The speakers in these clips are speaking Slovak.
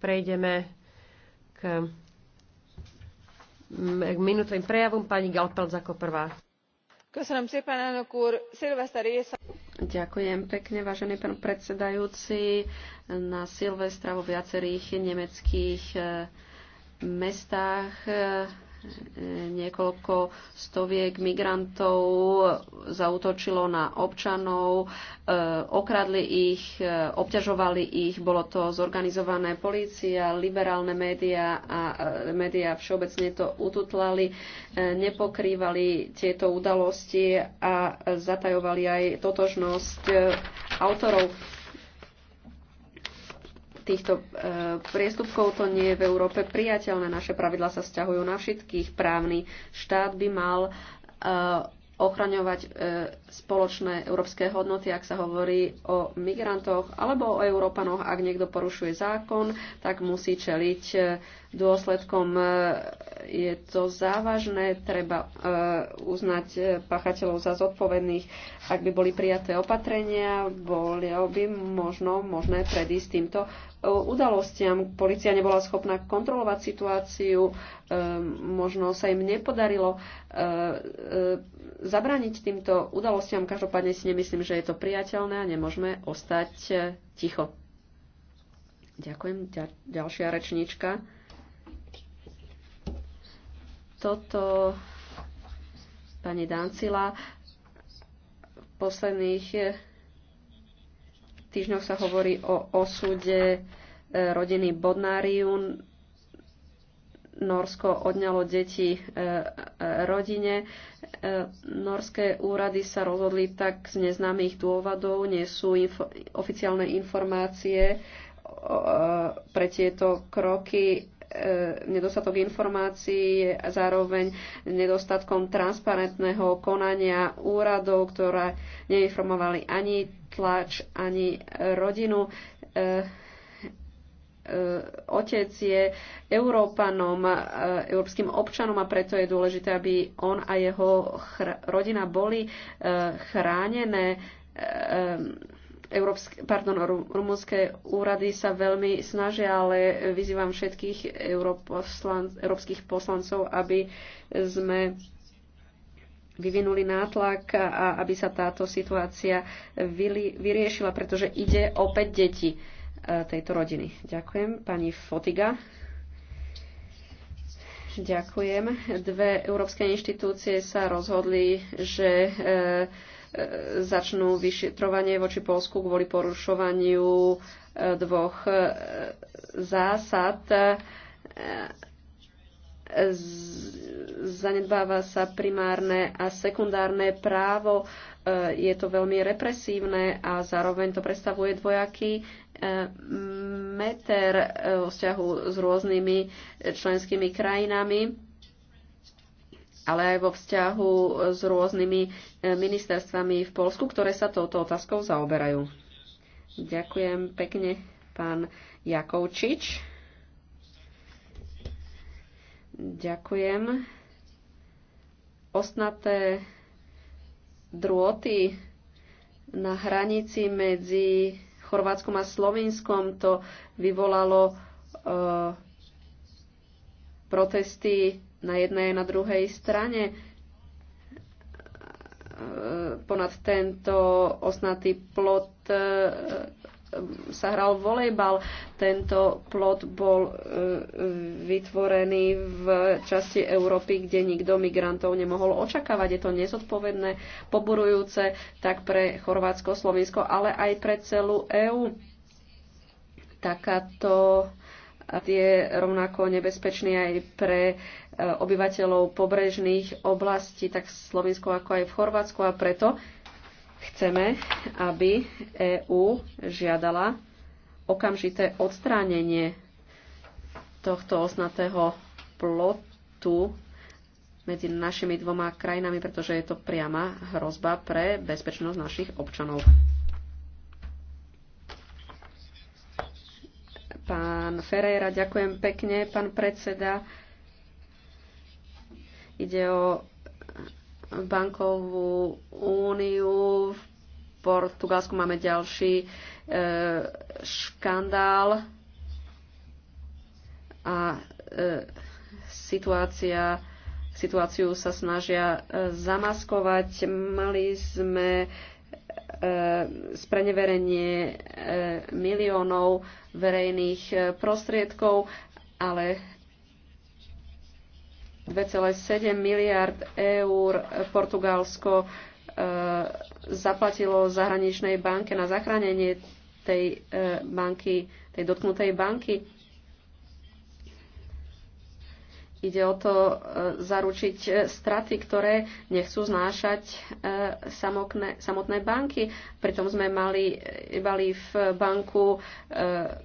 prejdeme k, k minútovým prejavom. Pani Galpelc ako prvá. Ďakujem pekne, vážený pán predsedajúci. Na Silvestra vo viacerých nemeckých eh, mestách eh, niekoľko stoviek migrantov zautočilo na občanov, e, okradli ich, e, obťažovali ich, bolo to zorganizované polícia, liberálne médiá a e, médiá všeobecne to ututlali, nepokrývali tieto udalosti a zatajovali aj totožnosť autorov týchto e, priestupkov to nie je v Európe priateľné. Naše pravidla sa vzťahujú na všetkých. Právny štát by mal e, ochraňovať e, spoločné európske hodnoty, ak sa hovorí o migrantoch alebo o Európanoch. Ak niekto porušuje zákon, tak musí čeliť dôsledkom. Je to závažné, treba uznať pachateľov za zodpovedných. Ak by boli prijaté opatrenia, bolo by možno možné predísť týmto udalostiam. Polícia nebola schopná kontrolovať situáciu, e, možno sa im nepodarilo e, e, zabrániť týmto udalostiam. Každopádne si nemyslím, že je to priateľné a nemôžeme ostať ticho. Ďakujem. Ďalšia rečníčka. Toto pani Dancila v posledných týždňoch sa hovorí o osude e, rodiny Bodnáriun. Norsko odňalo deti e, e, rodine. Norské úrady sa rozhodli tak z neznámych dôvodov, nie sú info- oficiálne informácie pre tieto kroky nedostatok informácií, zároveň nedostatkom transparentného konania úradov, ktoré neinformovali ani tlač ani rodinu. E, e, otec je Európanom, e, európskym občanom a preto je dôležité, aby on a jeho rodina boli chránené Európske, pardon, rumúnske úrady sa veľmi snažia, ale vyzývam všetkých európskych poslancov, aby sme vyvinuli nátlak, a aby sa táto situácia vyriešila, pretože ide opäť deti e, tejto rodiny. Ďakujem. Pani Fotiga. Ďakujem. Dve európske inštitúcie sa rozhodli, že e, e, začnú vyšetrovanie voči Polsku kvôli porušovaniu dvoch zásad zanedbáva sa primárne a sekundárne právo, e, je to veľmi represívne a zároveň to predstavuje dvojaký e, meter e, vo vzťahu s rôznymi členskými krajinami, ale aj vo vzťahu s rôznymi ministerstvami v Polsku, ktoré sa touto otázkou zaoberajú. Ďakujem pekne, pán Jakovčič. Ďakujem. Osnaté drôty na hranici medzi Chorvátskom a Slovinskom to vyvolalo e, protesty na jednej a na druhej strane. E, ponad tento osnatý plot e, sa hral volejbal. Tento plot bol e, vytvorený v časti Európy, kde nikto migrantov nemohol očakávať. Je to nezodpovedné, poburujúce tak pre Chorvátsko, Slovinsko, ale aj pre celú EÚ. Takáto je rovnako nebezpečný aj pre e, obyvateľov pobrežných oblastí, tak v Slovinsku ako aj v Chorvátsku a preto Chceme, aby EÚ žiadala okamžité odstránenie tohto osnatého plotu medzi našimi dvoma krajinami, pretože je to priama hrozba pre bezpečnosť našich občanov. Pán Ferreira, ďakujem pekne, pán predseda. Ide o bankovú úniu. V Portugalsku máme ďalší e, škandál a e, situácia situáciu sa snažia e, zamaskovať. Mali sme spreneverenie miliónov verejných prostriedkov, ale 2,7 miliard eur Portugalsko e, zaplatilo zahraničnej banke na zachránenie tej e, banky, tej dotknutej banky. Ide o to e, zaručiť straty, ktoré nechcú znášať samotné, samotné banky. Pritom sme mali, mali v banku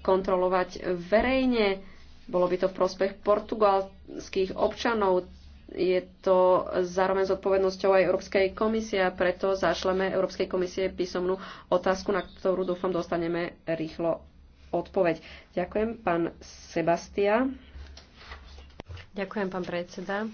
kontrolovať verejne bolo by to v prospech portugalských občanov. Je to zároveň s odpovednosťou aj Európskej komisie a preto zašleme Európskej komisie písomnú otázku, na ktorú dúfam dostaneme rýchlo odpoveď. Ďakujem, pán Sebastia. Ďakujem, pán predseda.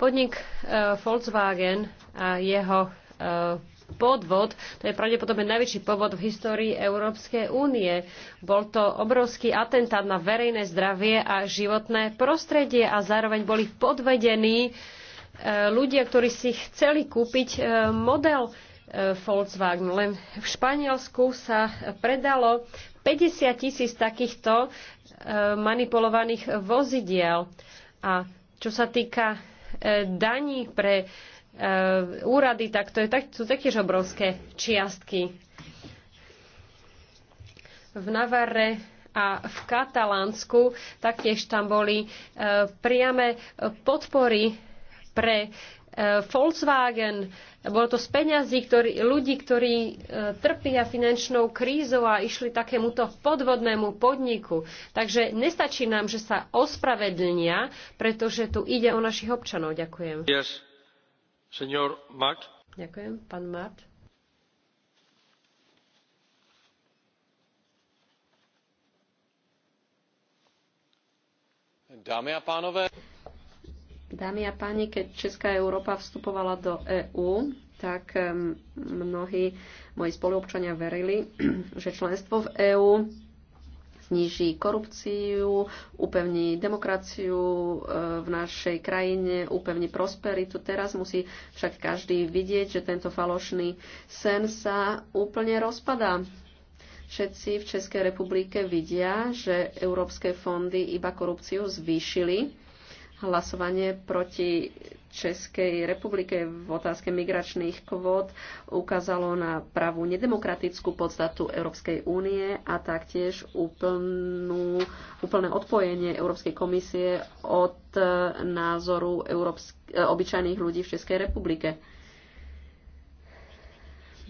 Podnik eh, Volkswagen a jeho eh, podvod. To je pravdepodobne najväčší podvod v histórii Európskej únie. Bol to obrovský atentát na verejné zdravie a životné prostredie a zároveň boli podvedení e, ľudia, ktorí si chceli kúpiť e, model e, Volkswagen. Len v Španielsku sa predalo 50 tisíc takýchto manipulovaných vozidiel. A čo sa týka daní pre Eh, úrady, tak to je, tak, sú taktiež obrovské čiastky. V Navarre a v Katalánsku taktiež tam boli eh, priame podpory pre eh, Volkswagen. Bolo to z peňazí ktorý, ľudí, ktorí trpia finančnou krízou a išli takémuto podvodnému podniku. Takže nestačí nám, že sa ospravedlnia, pretože tu ide o našich občanov. Ďakujem. Yes. Ďakujem. Pán Mart. Dámy a pánové. Dámy a páni, keď Česká Európa vstupovala do EÚ, tak ehm, mnohí moji spoluobčania verili, že členstvo v EÚ zniží korupciu, upevní demokraciu e, v našej krajine, upevní prosperitu. Teraz musí však každý vidieť, že tento falošný sen sa úplne rozpadá. Všetci v Českej republike vidia, že európske fondy iba korupciu zvýšili. Hlasovanie proti Českej republike v otázke migračných kvót ukázalo na pravú nedemokratickú podstatu Európskej únie a taktiež úplnú, úplné odpojenie Európskej komisie od e, názoru európsk- e, obyčajných ľudí v Českej republike.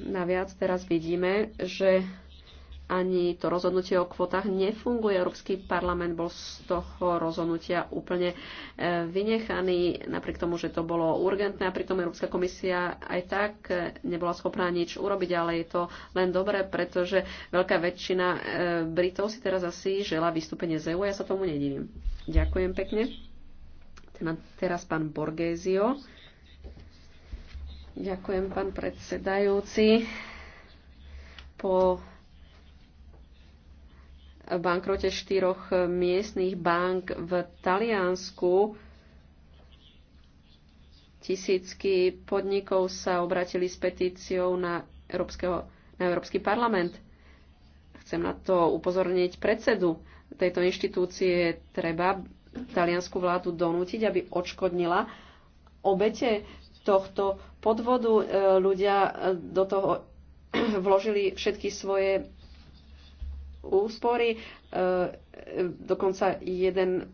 Naviac teraz vidíme, že ani to rozhodnutie o kvotách nefunguje. Európsky parlament bol z toho rozhodnutia úplne e, vynechaný, napriek tomu, že to bolo urgentné a pritom Európska komisia aj tak e, nebola schopná nič urobiť, ale je to len dobré, pretože veľká väčšina e, Britov si teraz asi žela vystúpenie z EU. Ja sa tomu nedivím. Ďakujem pekne. Teraz pán Borgézio. Ďakujem, pán predsedajúci. Po bankrote štyroch miestných bank v Taliansku. Tisícky podnikov sa obratili s petíciou na, Európskeho, na Európsky parlament. Chcem na to upozorniť predsedu tejto inštitúcie. Treba taliansku vládu donútiť, aby odškodnila obete tohto podvodu. Ľudia do toho vložili všetky svoje úspory. E, dokonca jeden e,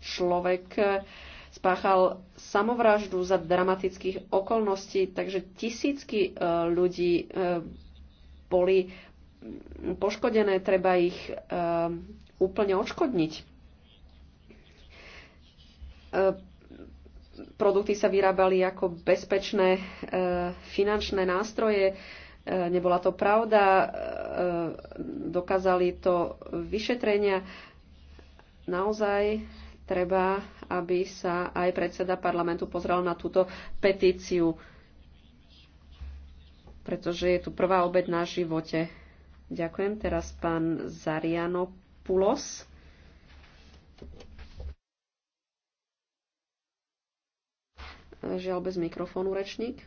človek e, spáchal samovraždu za dramatických okolností, takže tisícky ľudí boli poškodené, treba ich úplne odškodniť produkty sa vyrábali ako bezpečné finančné nástroje. E, nebola to pravda, e, e, dokázali to vyšetrenia. Naozaj treba, aby sa aj predseda parlamentu pozrel na túto petíciu, pretože je tu prvá obed na živote. Ďakujem. Teraz pán Zariano Pulos. Žiaľ bez mikrofónu rečník.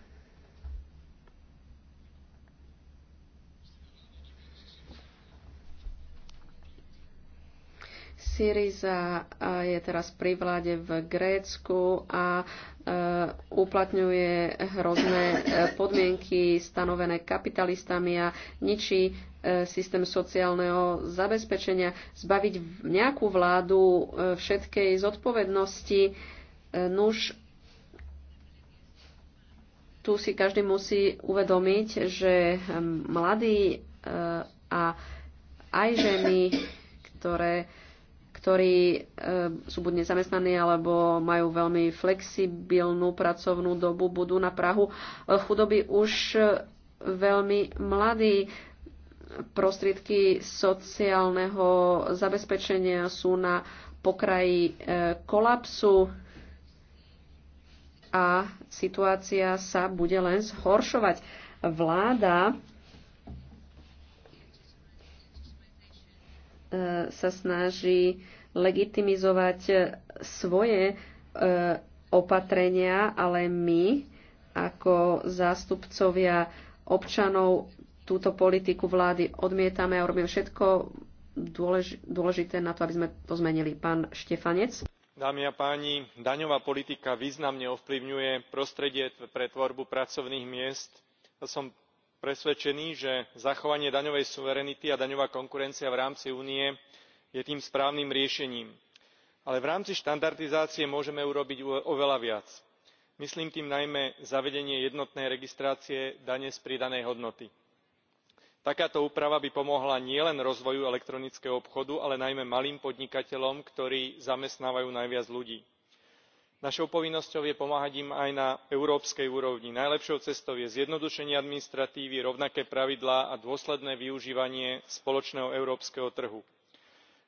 Syriza je teraz pri vláde v Grécku a e, uplatňuje hrozné e, podmienky stanovené kapitalistami a ničí e, systém sociálneho zabezpečenia. Zbaviť nejakú vládu všetkej zodpovednosti, nuž tu si každý musí uvedomiť, že hm, mladí a aj ženy, ktoré ktorí eh, sú buď nezamestnaní alebo majú veľmi flexibilnú pracovnú dobu, budú na Prahu eh, chudoby už eh, veľmi mladí. Prostriedky sociálneho zabezpečenia sú na pokraji kolapsu a situácia sa bude len zhoršovať. Vláda E, sa snaží legitimizovať svoje e, opatrenia, ale my ako zástupcovia občanov túto politiku vlády odmietame a robíme všetko dôležité na to, aby sme to zmenili. Pán Štefanec. Dámy a páni, daňová politika významne ovplyvňuje prostredie pre tvorbu pracovných miest. Som presvedčený že zachovanie daňovej suverenity a daňová konkurencia v rámci únie je tým správnym riešením ale v rámci štandardizácie môžeme urobiť oveľa viac. myslím tým najmä zavedenie jednotnej registrácie dane z pridanej hodnoty. takáto úprava by pomohla nielen rozvoju elektronického obchodu ale najmä malým podnikateľom ktorí zamestnávajú najviac ľudí našou povinnosťou je pomáhať im aj na európskej úrovni. najlepšou cestou je zjednodušenie administratívy rovnaké pravidlá a dôsledné využívanie spoločného európskeho trhu.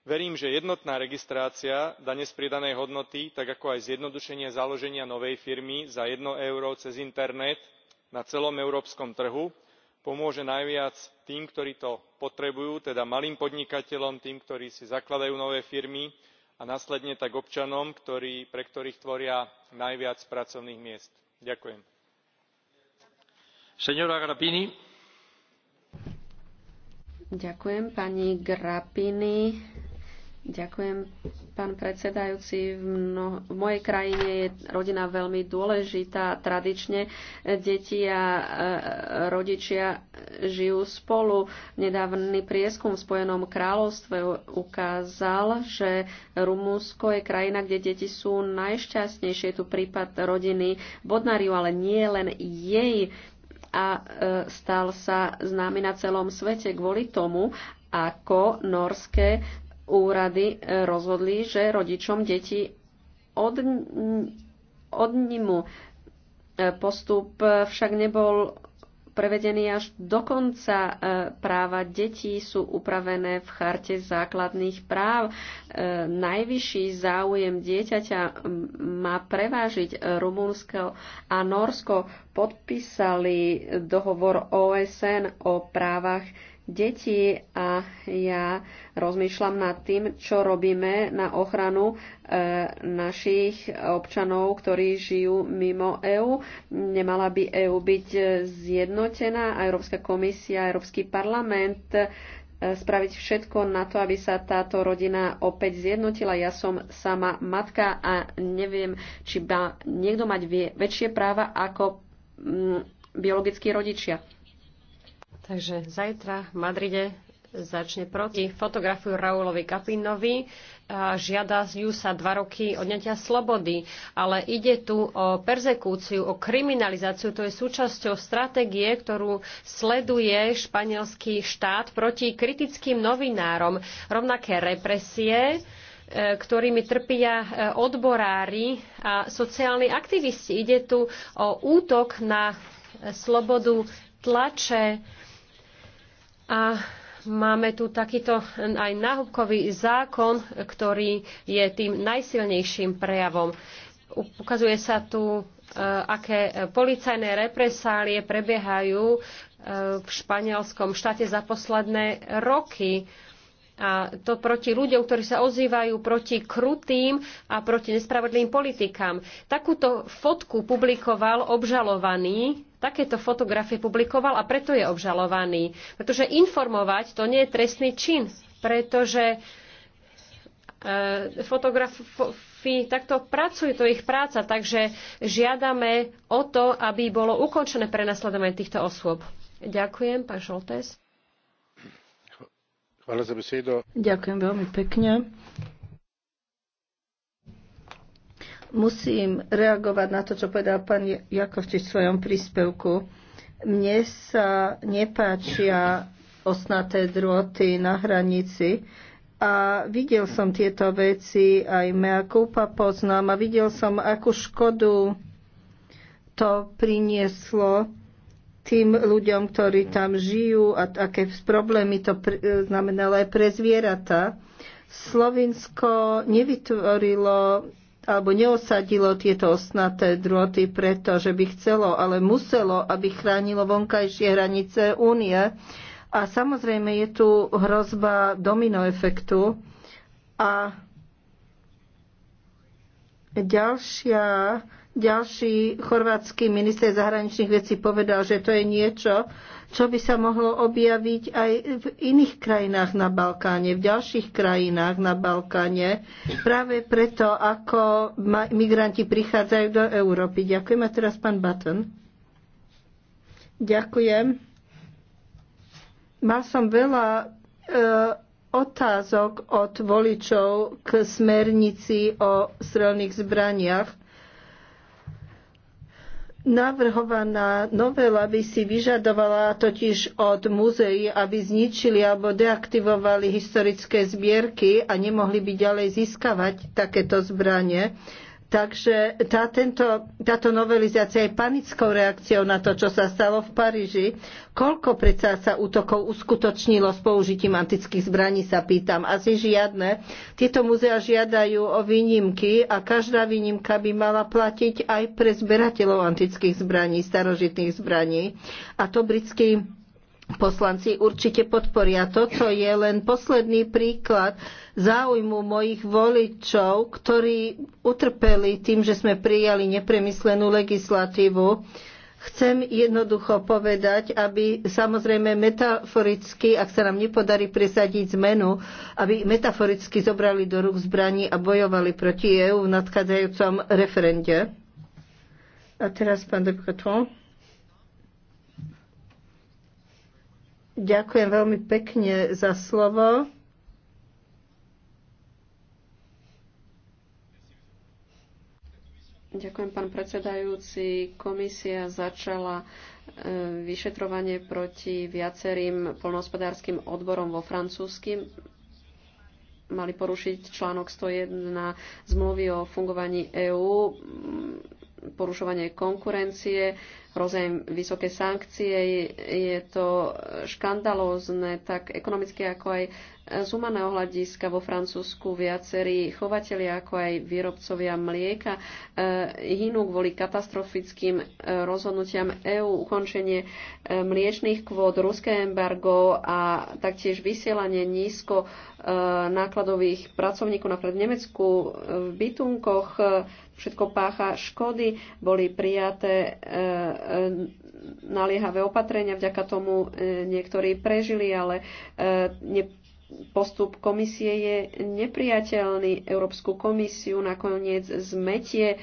verím že jednotná registrácia dane z pridanej hodnoty tak ako aj zjednodušenie založenia novej firmy za jedno euro cez internet na celom európskom trhu pomôže najviac tým ktorí to potrebujú teda malým podnikateľom tým ktorí si zakladajú nové firmy a následne tak občanom pre ktorých tvoria najviac pracovných miest. ďakujem. Ďakujem, pán predsedajúci. V, v mojej krajine je rodina veľmi dôležitá. Tradične deti a e, rodičia žijú spolu. Nedávny prieskum v Spojenom kráľovstve ukázal, že Rumúnsko je krajina, kde deti sú najšťastnejšie. Je tu prípad rodiny Bodnariu, ale nie len jej a e, stal sa známy na celom svete kvôli tomu, ako norské úrady e, rozhodli, že rodičom deti od, odnímu. E, postup e, však nebol prevedený až do konca. Práva detí sú upravené v charte základných práv. Najvyšší záujem dieťaťa má prevážiť Rumunsko a Norsko. Podpísali dohovor OSN o právach Deti a ja rozmýšľam nad tým, čo robíme na ochranu e, našich občanov, ktorí žijú mimo EÚ. Nemala by EÚ byť e, zjednotená Európska komisia, Európsky parlament e, spraviť všetko na to, aby sa táto rodina opäť zjednotila. Ja som sama matka a neviem, či má niekto mať väčšie práva ako mm, biologickí rodičia. Takže zajtra v Madride začne proti fotografiu Raulovi Kapinovi. Žiada ju sa dva roky odňatia slobody, ale ide tu o perzekúciu, o kriminalizáciu. To je súčasťou stratégie, ktorú sleduje španielský štát proti kritickým novinárom. Rovnaké represie e, ktorými trpia e, odborári a sociálni aktivisti. Ide tu o útok na slobodu tlače, a máme tu takýto aj náhubkový zákon, ktorý je tým najsilnejším prejavom. Ukazuje sa tu, e, aké policajné represálie prebiehajú e, v španielskom štáte za posledné roky. A to proti ľuďom, ktorí sa ozývajú proti krutým a proti nespravodlivým politikám. Takúto fotku publikoval obžalovaný takéto fotografie publikoval a preto je obžalovaný. Pretože informovať to nie je trestný čin, pretože e, fotografi takto pracujú, to ich práca, takže žiadame o to, aby bolo ukončené prenasledovanie týchto osôb. Ďakujem, pán Šoltes. Ďakujem veľmi pekne. Musím reagovať na to, čo povedal pán Jakovčič v svojom príspevku. Mne sa nepáčia osnaté drôty na hranici a videl som tieto veci, aj mea kúpa poznám a videl som, akú škodu to prinieslo tým ľuďom, ktorí tam žijú a aké problémy to pr- znamenalo aj pre zvieratá. Slovinsko nevytvorilo alebo neosadilo tieto osnaté drôty preto, že by chcelo, ale muselo, aby chránilo vonkajšie hranice únie. A samozrejme je tu hrozba dominoefektu a Ďalšia, ďalší chorvátsky minister zahraničných vecí povedal, že to je niečo, čo by sa mohlo objaviť aj v iných krajinách na Balkáne, v ďalších krajinách na Balkáne, práve preto, ako migranti prichádzajú do Európy. Ďakujem a teraz pán Button. Ďakujem. Mal som veľa e, otázok od voličov k smernici o strelných zbraniach. Navrhovaná novela by si vyžadovala totiž od muzeí, aby zničili alebo deaktivovali historické zbierky a nemohli by ďalej získavať takéto zbranie. Takže tá, tento, táto novelizácia je panickou reakciou na to, čo sa stalo v Paríži. Koľko predsa sa útokov uskutočnilo s použitím antických zbraní, sa pýtam. Asi žiadne. Tieto muzea žiadajú o výnimky a každá výnimka by mala platiť aj pre zberateľov antických zbraní, starožitných zbraní. A to britský poslanci určite podporia. Toto je len posledný príklad záujmu mojich voličov, ktorí utrpeli tým, že sme prijali nepremyslenú legislatívu. Chcem jednoducho povedať, aby samozrejme metaforicky, ak sa nám nepodarí presadiť zmenu, aby metaforicky zobrali do rúk zbraní a bojovali proti EU v nadchádzajúcom referende. A teraz pán deputatón. Ďakujem veľmi pekne za slovo. Ďakujem, pán predsedajúci. Komisia začala e, vyšetrovanie proti viacerým polnohospodárským odborom vo francúzskym. Mali porušiť článok 101 zmluvy o fungovaní EÚ porušovanie konkurencie, hrozia vysoké sankcie. Je to škandalózne tak ekonomicky, ako aj z humaného hľadiska vo Francúzsku viacerí chovatelia, ako aj výrobcovia mlieka e, hynú kvôli katastrofickým e, rozhodnutiam EÚ, ukončenie e, mliečných kvót, ruské embargo a taktiež vysielanie nízko nákladových pracovníkov napríklad v Nemecku v bytunkoch všetko pácha škody. Boli prijaté e, e, naliehavé opatrenia, vďaka tomu e, niektorí prežili, ale postup komisie je nepriateľný. Európsku komisiu nakoniec zmetie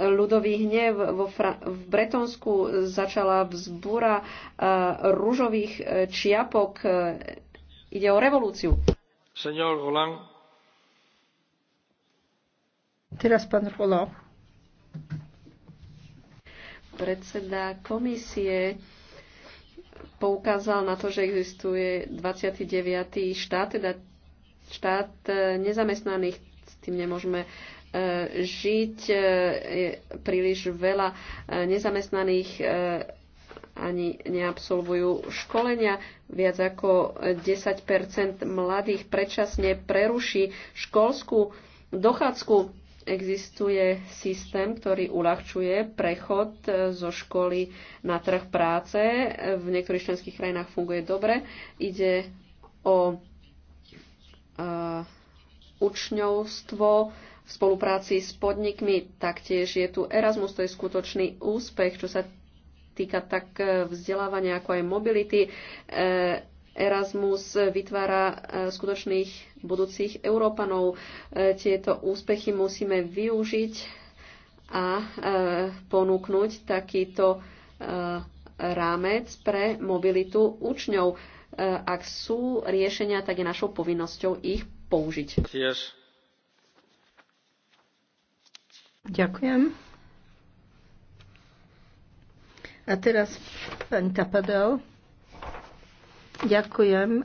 ľudový hnev vo Fra- v Bretonsku začala vzbúra rúžových čiapok. Ide o revolúciu. Senor Roland, Teraz pán Rolo. Predseda komisie poukázal na to, že existuje 29. štát, teda štát eh, nezamestnaných, s tým nemôžeme eh, žiť. Eh, je príliš veľa nezamestnaných ani neabsolvujú školenia. Viac ako 10 mladých predčasne preruší školskú dochádzku existuje systém, ktorý uľahčuje prechod e, zo školy na trh práce. V niektorých členských krajinách funguje dobre. Ide o e, učňovstvo v spolupráci s podnikmi. Taktiež je tu Erasmus, to je skutočný úspech, čo sa týka tak e, vzdelávania ako aj mobility. Erasmus vytvára e, skutočných budúcich Európanov. E, tieto úspechy musíme využiť a e, ponúknuť takýto rámec pre mobilitu učňov. Ak sú riešenia, tak je našou povinnosťou ich použiť. Ďakujem. A teraz pani Tapadel. Ďakujem.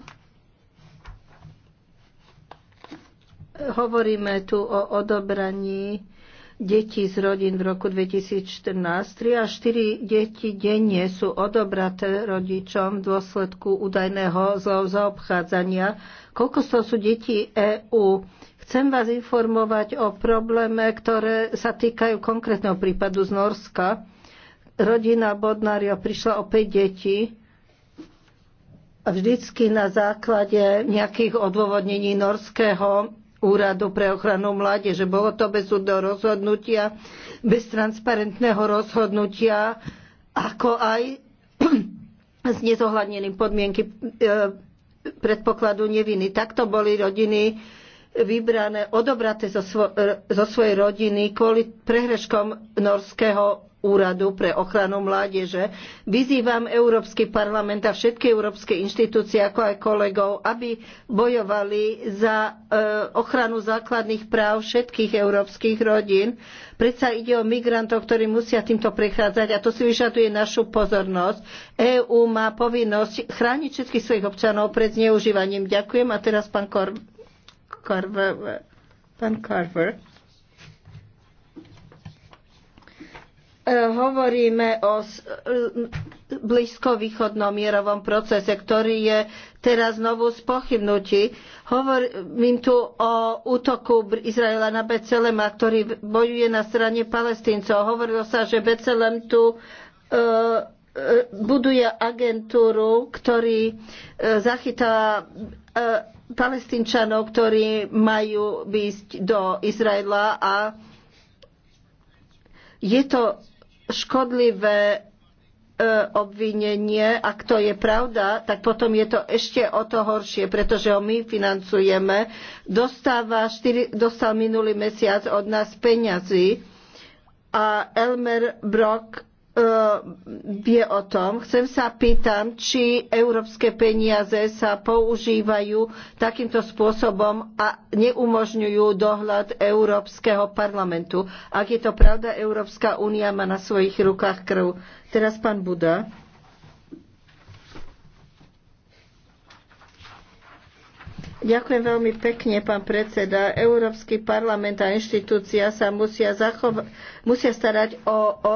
Hovoríme tu o odobraní detí z rodín v roku 2014. 3 až 4 deti denne sú odobraté rodičom v dôsledku údajného zaobchádzania. Koľko z toho sú deti EÚ? Chcem vás informovať o probléme, ktoré sa týkajú konkrétneho prípadu z Norska. Rodina Bodnária prišla o 5 detí vždycky na základe nejakých odôvodnení Norského úradu pre ochranu mládeže. Bolo to bez súdneho rozhodnutia, bez transparentného rozhodnutia, ako aj s nezohľadneným podmienky e, predpokladu neviny. Takto boli rodiny vybrané, odobraté zo, svo, zo svojej rodiny kvôli prehreškom norského úradu pre ochranu mládeže. Vyzývam Európsky parlament a všetky európske inštitúcie, ako aj kolegov, aby bojovali za e, ochranu základných práv všetkých európskych rodín. Predsa ide o migrantov, ktorí musia týmto prechádzať a to si vyžaduje našu pozornosť. EÚ má povinnosť chrániť všetkých svojich občanov pred zneužívaním. Ďakujem a teraz pán Kor- Carver. Pán Carver. E, hovoríme o e, blízkovýchodnom mierovom procese, ktorý je teraz znovu spochybnutý. Hovorím tu o útoku Izraela na Becelema, ktorý bojuje na strane palestíncov. Hovorilo sa, že Becelem tu e, buduje agentúru, ktorý zachytáva palestínčanov, ktorí majú ísť do Izraela a je to škodlivé e, obvinenie, ak to je pravda, tak potom je to ešte o to horšie, pretože ho my financujeme. Dostáva 4, dostal minulý mesiac od nás peňazí a Elmer Brock Eh, vie o tom. Chcem sa pýtam, či európske peniaze sa používajú takýmto spôsobom a neumožňujú dohľad Európskeho parlamentu. Ak je to pravda, Európska únia má na svojich rukách krv. Teraz pán Buda. Ďakujem veľmi pekne, pán predseda. Európsky parlament a inštitúcia sa musia, musia starať o, o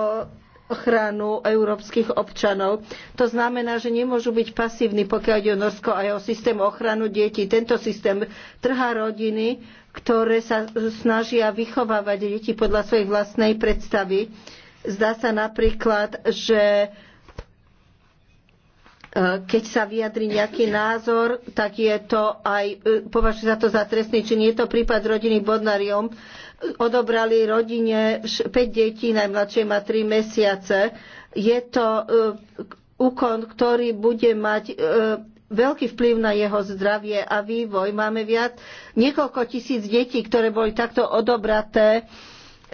ochranu európskych občanov. To znamená, že nemôžu byť pasívni, pokiaľ ide o Norsko a jeho systém ochranu detí. Tento systém trhá rodiny, ktoré sa snažia vychovávať deti podľa svojej vlastnej predstavy. Zdá sa napríklad, že e, keď sa vyjadri nejaký názor, tak je to aj, e, považuje sa to za trestný čin. Je to prípad rodiny Bodnariom, odobrali rodine 5 detí, najmladšie má 3 mesiace. Je to e, úkon, ktorý bude mať e, veľký vplyv na jeho zdravie a vývoj. Máme viac niekoľko tisíc detí, ktoré boli takto odobraté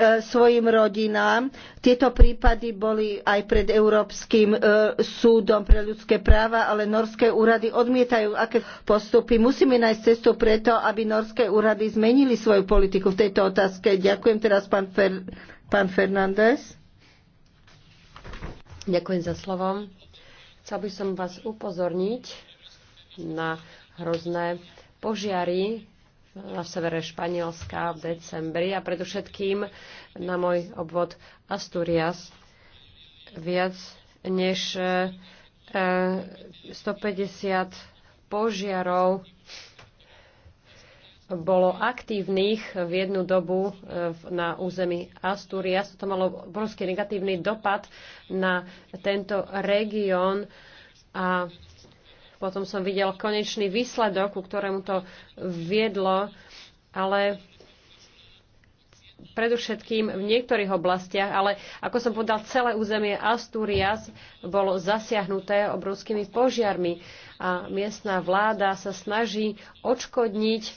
E, svojim rodinám. Tieto prípady boli aj pred Európskym e, súdom pre ľudské práva, ale norské úrady odmietajú aké postupy. Musíme nájsť cestu preto, aby norské úrady zmenili svoju politiku v tejto otázke. Ďakujem teraz pán, Fer- pán Fernández. Ďakujem za slovo. Chcel by som vás upozorniť na hrozné požiary, na severe Španielska v decembri a predovšetkým na môj obvod Asturias viac než 150 e, e, požiarov bolo aktívnych v jednu dobu e, na území Asturias. To malo obrovský negatívny dopad na tento región a potom som videl konečný výsledok, ku ktorému to viedlo, ale predovšetkým v niektorých oblastiach, ale ako som povedal, celé územie Asturias bolo zasiahnuté obrovskými požiarmi a miestna vláda sa snaží odškodniť e,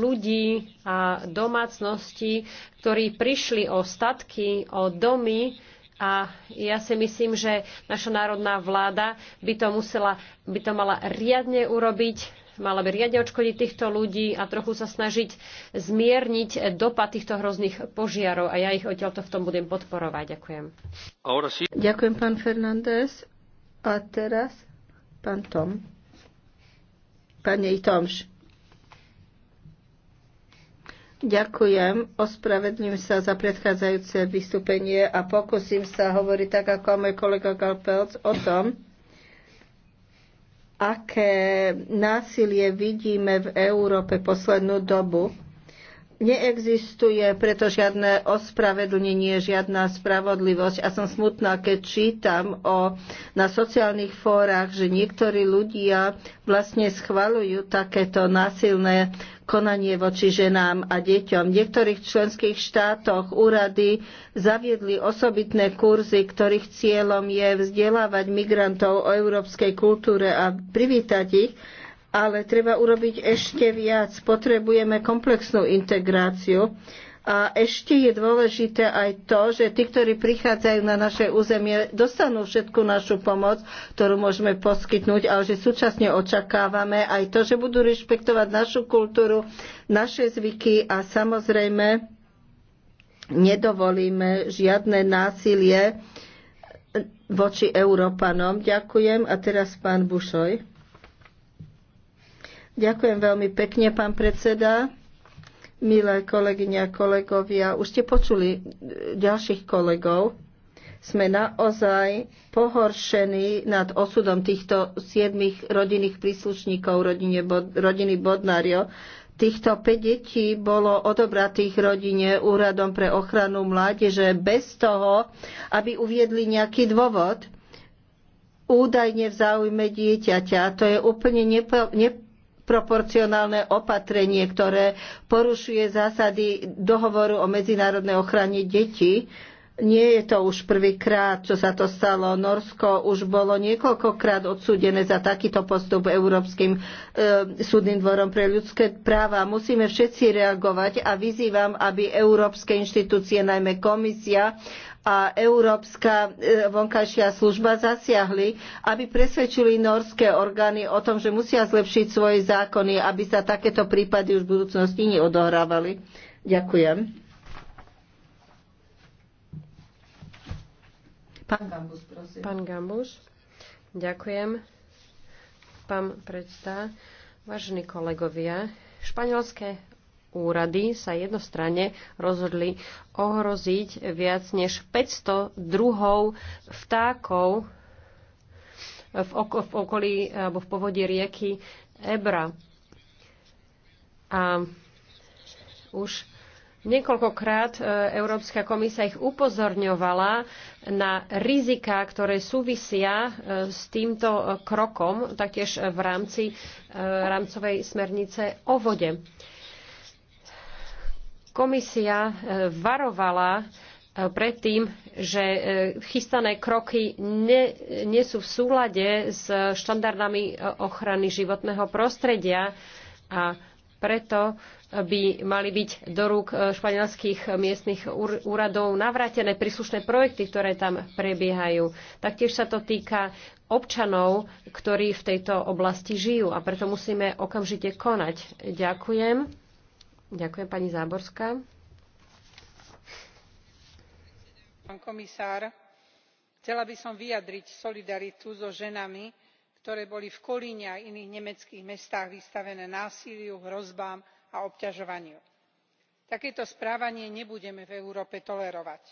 ľudí a domácnosti, ktorí prišli o statky, o domy, a ja si myslím, že naša národná vláda by to, musela, by to mala riadne urobiť, mala by riadne odškodiť týchto ľudí a trochu sa snažiť zmierniť dopad týchto hrozných požiarov a ja ich odtiaľto v tom budem podporovať. Ďakujem. Ďakujem, pán Fernández. A teraz pán Tom. Pane Tomš. Ďakujem, ospravedlňujem sa za predchádzajúce vystúpenie a pokúsim sa hovoriť tak ako môj kolega Galpelc o tom, aké násilie vidíme v Európe poslednú dobu. Neexistuje preto žiadne ospravedlnenie, žiadna spravodlivosť a som smutná, keď čítam o, na sociálnych fórach, že niektorí ľudia vlastne schvalujú takéto násilné konanie voči ženám a deťom. V niektorých členských štátoch úrady zaviedli osobitné kurzy, ktorých cieľom je vzdelávať migrantov o európskej kultúre a privítať ich ale treba urobiť ešte viac. Potrebujeme komplexnú integráciu. A ešte je dôležité aj to, že tí, ktorí prichádzajú na naše územie, dostanú všetku našu pomoc, ktorú môžeme poskytnúť, ale že súčasne očakávame aj to, že budú rešpektovať našu kultúru, naše zvyky a samozrejme nedovolíme žiadne násilie voči Európanom. Ďakujem. A teraz pán Bušoj. Ďakujem veľmi pekne, pán predseda. Milé kolegyne a kolegovia, už ste počuli ďalších kolegov. Sme naozaj pohoršení nad osudom týchto siedmých rodinných príslušníkov rodine, rodiny Bodnario. Týchto 5 detí bolo odobratých rodine Úradom pre ochranu mládeže bez toho, aby uviedli nejaký dôvod údajne v záujme dieťaťa. To je úplne nepo, proporcionálne opatrenie, ktoré porušuje zásady dohovoru o medzinárodnej ochrane detí. Nie je to už prvýkrát, čo sa to stalo. Norsko už bolo niekoľkokrát odsúdené za takýto postup Európskym e, súdnym dvorom pre ľudské práva. Musíme všetci reagovať a vyzývam, aby európske inštitúcie, najmä komisia a Európska e, vonkajšia služba zasiahli, aby presvedčili norské orgány o tom, že musia zlepšiť svoje zákony, aby sa takéto prípady už v budúcnosti neodohrávali. Ďakujem. Pán Gambus, prosím. Pán Gambus, ďakujem. Pán predstá, vážení kolegovia, španielské úrady sa jednostranne rozhodli ohroziť viac než 500 druhov vtákov v, ok- v okolí alebo v povodí rieky Ebra. A už niekoľkokrát e, Európska komisia ich upozorňovala na rizika, ktoré súvisia e, s týmto e, krokom, taktiež v rámci rámcovej smernice o vode. Komisia e, varovala e, pred tým, že e, chystané kroky nie sú v súlade s štandardami ochrany životného prostredia a preto by mali byť do rúk španielských miestnych úradov navrátené príslušné projekty, ktoré tam prebiehajú. Taktiež sa to týka občanov, ktorí v tejto oblasti žijú a preto musíme okamžite konať. Ďakujem. Ďakujem pani Záborská. Pán komisár, chcela by som vyjadriť solidaritu so ženami, ktoré boli v kolíne a iných nemeckých mestách vystavené násiliu hrozbám a obťažovaniu. takéto správanie nebudeme v európe tolerovať.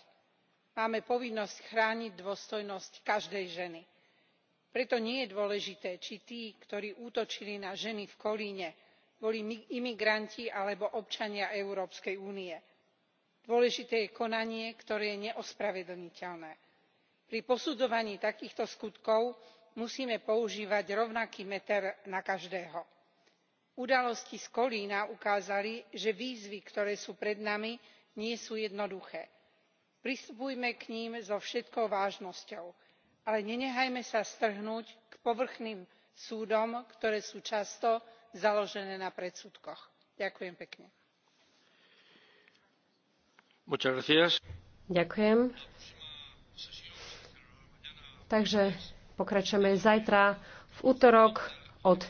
máme povinnosť chrániť dôstojnosť každej ženy. preto nie je dôležité či tí ktorí útočili na ženy v kolíne boli imigranti alebo občania európskej únie. dôležité je konanie ktoré je neospravedlniteľné. pri posudzovaní takýchto skutkov musíme používať rovnaký meter na každého. udalosti z kolína ukázali že výzvy ktoré sú pred nami nie sú jednoduché. pristupujme k nim so všetkou vážnosťou ale nenechajme sa strhnúť k povrchným súdom ktoré sú často založené na predsudkoch. ďakujem pekne. Takže pokračujeme zajtra v útorok od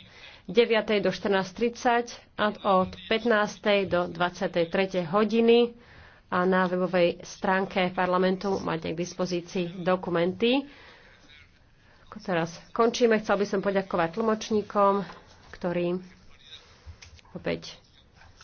9. do 14.30 a od 15. do 23. hodiny a na webovej stránke parlamentu máte k dispozícii dokumenty. Teraz končíme. Chcel by som poďakovať tlmočníkom ktorý opäť